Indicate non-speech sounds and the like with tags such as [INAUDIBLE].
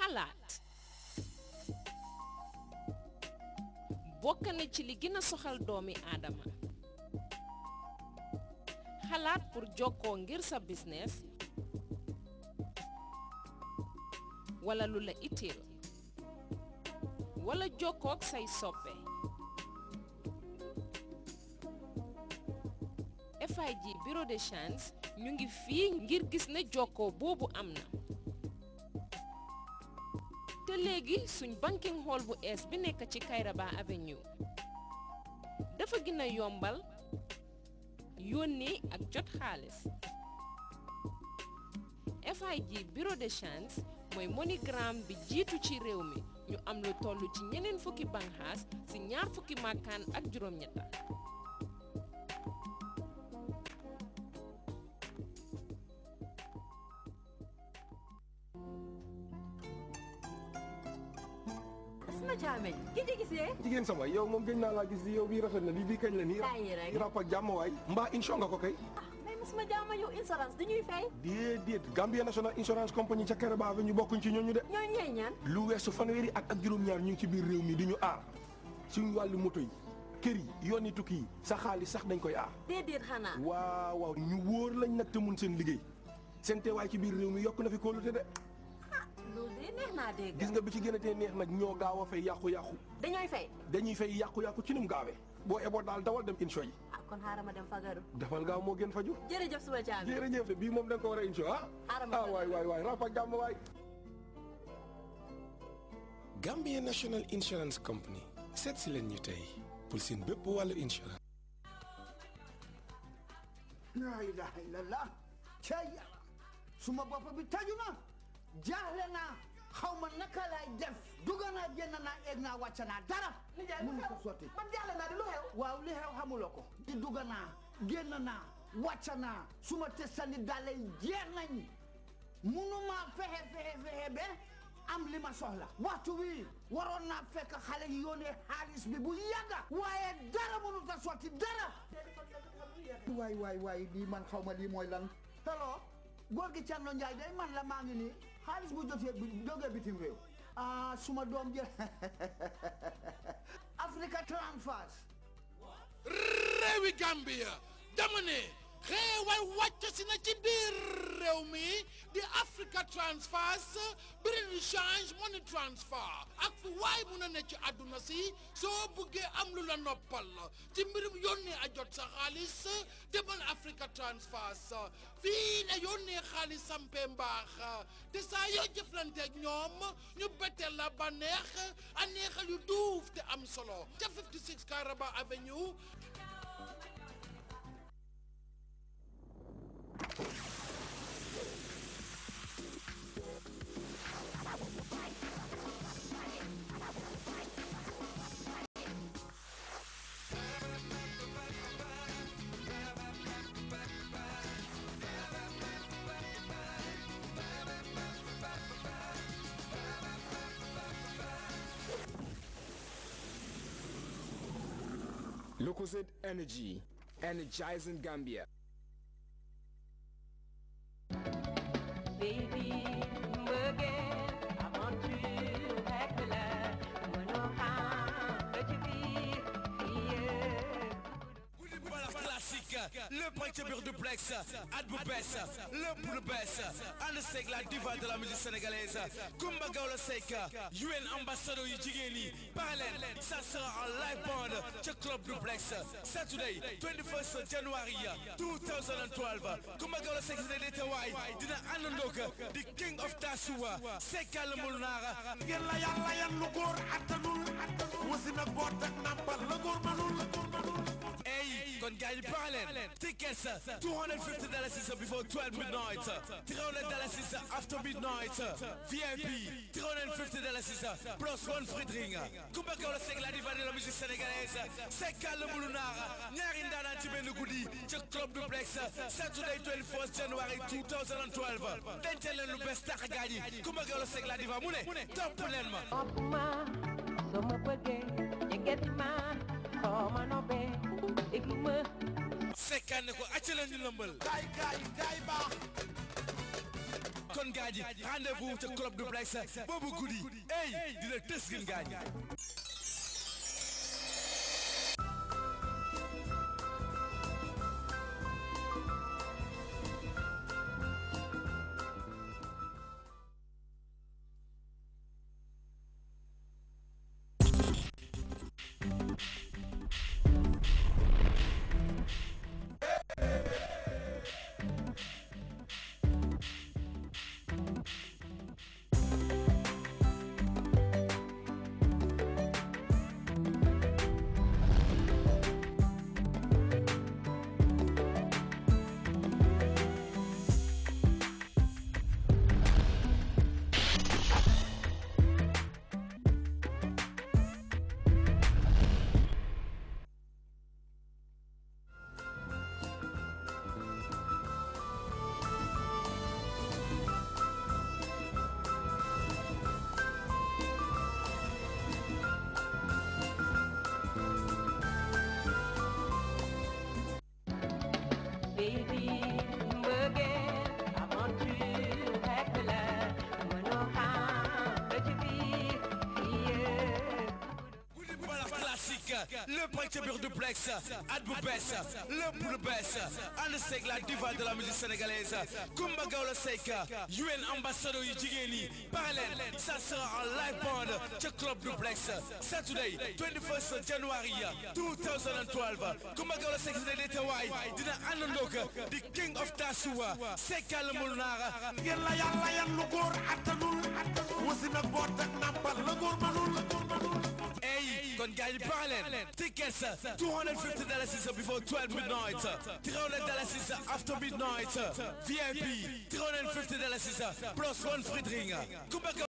Halat. bokk na ci li gën a soxal doomi aadama xalaat pour jokkoo ngir sa business wala lu la itteel wala jokkook say soppe FIG bureau de change ñu ngi fii ngir gis ne jokkoo boobu am na te léegi suñ banking hall bu ees bi nekk ci Kairaba Avenue dafa gën yombal yónnee ak jot xaalis FIG bureau de change mooy MoneyGram bi jiitu ci réew mi ñu am lu toll ci ñeneen fukki banxaas ci ñaar fukki màkkaan ak juróom-ñetta ma caamee ki ci gisee. jigéen sama yow moom gëj naa laa gis yow bii rafet na bi bii kañ la nii. daañu rek rap ak jàmm waay. mbaa incha ko kay. ah mais mosuma National Insurance Company ca Kereba ñu bokkuñ ci ñooñu de. lu weesu fanweeri at ak juróom-ñaar ñu ngi ci biir réew mi di ñu aar suñu wàllu moto yi. kër yi yoon yi tukki yi sa xaalis sax dañ koy aar. déedéet xanaa. waaw waaw ñu wóor lañ nag te mun seen liggéey seen teewaay ci biir réew mi yokk na fi kóolute de loolu de neex naa dégg. gis nga bi ci gën a tee neex nag ñoo gaaw a fay yàqu-yàqu. dañooy fay. dañuy fay yàqu-yàqu ci ni mu gaawee. boo eboon daal dawal dem incha yi. ah kon xaaral ma dem fagaru. defal gaaw moo gën faju. jërëjëf suba caabi. jërëjëf bii moom da ko war a incha ah. xaaral ma ah, waay waay waay ràpp ak jàmm waay. Gambia National Insurance Company seet si leen ñu tey pour seen bépp wàllu insurance. la ilaha illallah. suma bopp bi taju jaxlena xawma naka lay def dugana genn na eg na dara mënu ko sotti man jahlena di lu xew waaw li xew xamuloko di dugana genn na wàcc suma testandi dalay jeex munuma fexe fexe fexe be am li ma soxla waxtu wi waron na fekk xale yi yone xaliss bi bu yaga waye dara munu ta soti dara way way way lii man xawma di moy lan hello góor gi Thierno day man la mangi ni xaalis bu jotee bu jógee bitim réew ah suma doom jël [LAUGHS] Africa Transfers réewi Gambia dama ne Hey, why watya sina ci biir réew mi di Africa Transfers British Change Money Transfer ak fu waay mun a ne ci àdduna si soo buggee am lu la noppal ci mbirum yónnee a jot sa xaalis demal Africa Transfers fii la yónnee xaalis sampee mbaax te saa yoo jëflanteeg ñoom la bànneex a neexal yu duuf te am 56 Karaba Avenue Lucozid Energy, energizing Gambia. lépp a ca biir duplex at bu bees lépp lu bees ànd seeg la diva de la musique sénégalaise Coumba Gawlo Seck UN ambassadeur yu jigéen yi pare leen ça sera en live ca club duplex Saturday 21st January 2012 Coumba Gawlo Seck dina dee teewaay dina àndandoo di king of tasuwa sekkal mu naara yàlla yàlla yan lu góor attanul wasin ak boot ak nàmpal la góor manul ey kon gars yi pare leen tickets 250 dalasis before 12 midnight 300 dalasis after midnight VIP 350 dalasis plus one free drink Coumba Gawlo Seck la diva de la musique sénégalaise Seckal le Moulou Nar ñaari ndaanaan ci benn guddi ci club duplex Saturday 24 January 2012 dencal leen lu bees tax gars yi Coumba Gawlo Seck la diva mu ne topp leen ma. soo ma bëggee jege ma soo ma nobbee ma sekkaan ne ko accaleen ñu lëmbal gaay gaay gaay baax kon gaaji rendez-vous ca club du Blaise boobu guddi ey dina tës gën gaañ lépp rek ca biir duplex at bu bees lépp lu bees ànd seeg la diva de la musique sénégalaise Coumba Gawlo UN ambassadeur yu jigéen yi pare leen ça sera en live band ca Saturday 21st January 2012 Coumba Gawlo mul naara ngeen la yàlla yan lu góor attanul wasin ak boot ak naa gagne Berlin. Tickets $250 is uh, before 12 midnight. $300 is uh, after midnight. VIP $350 is uh, plus one free drink.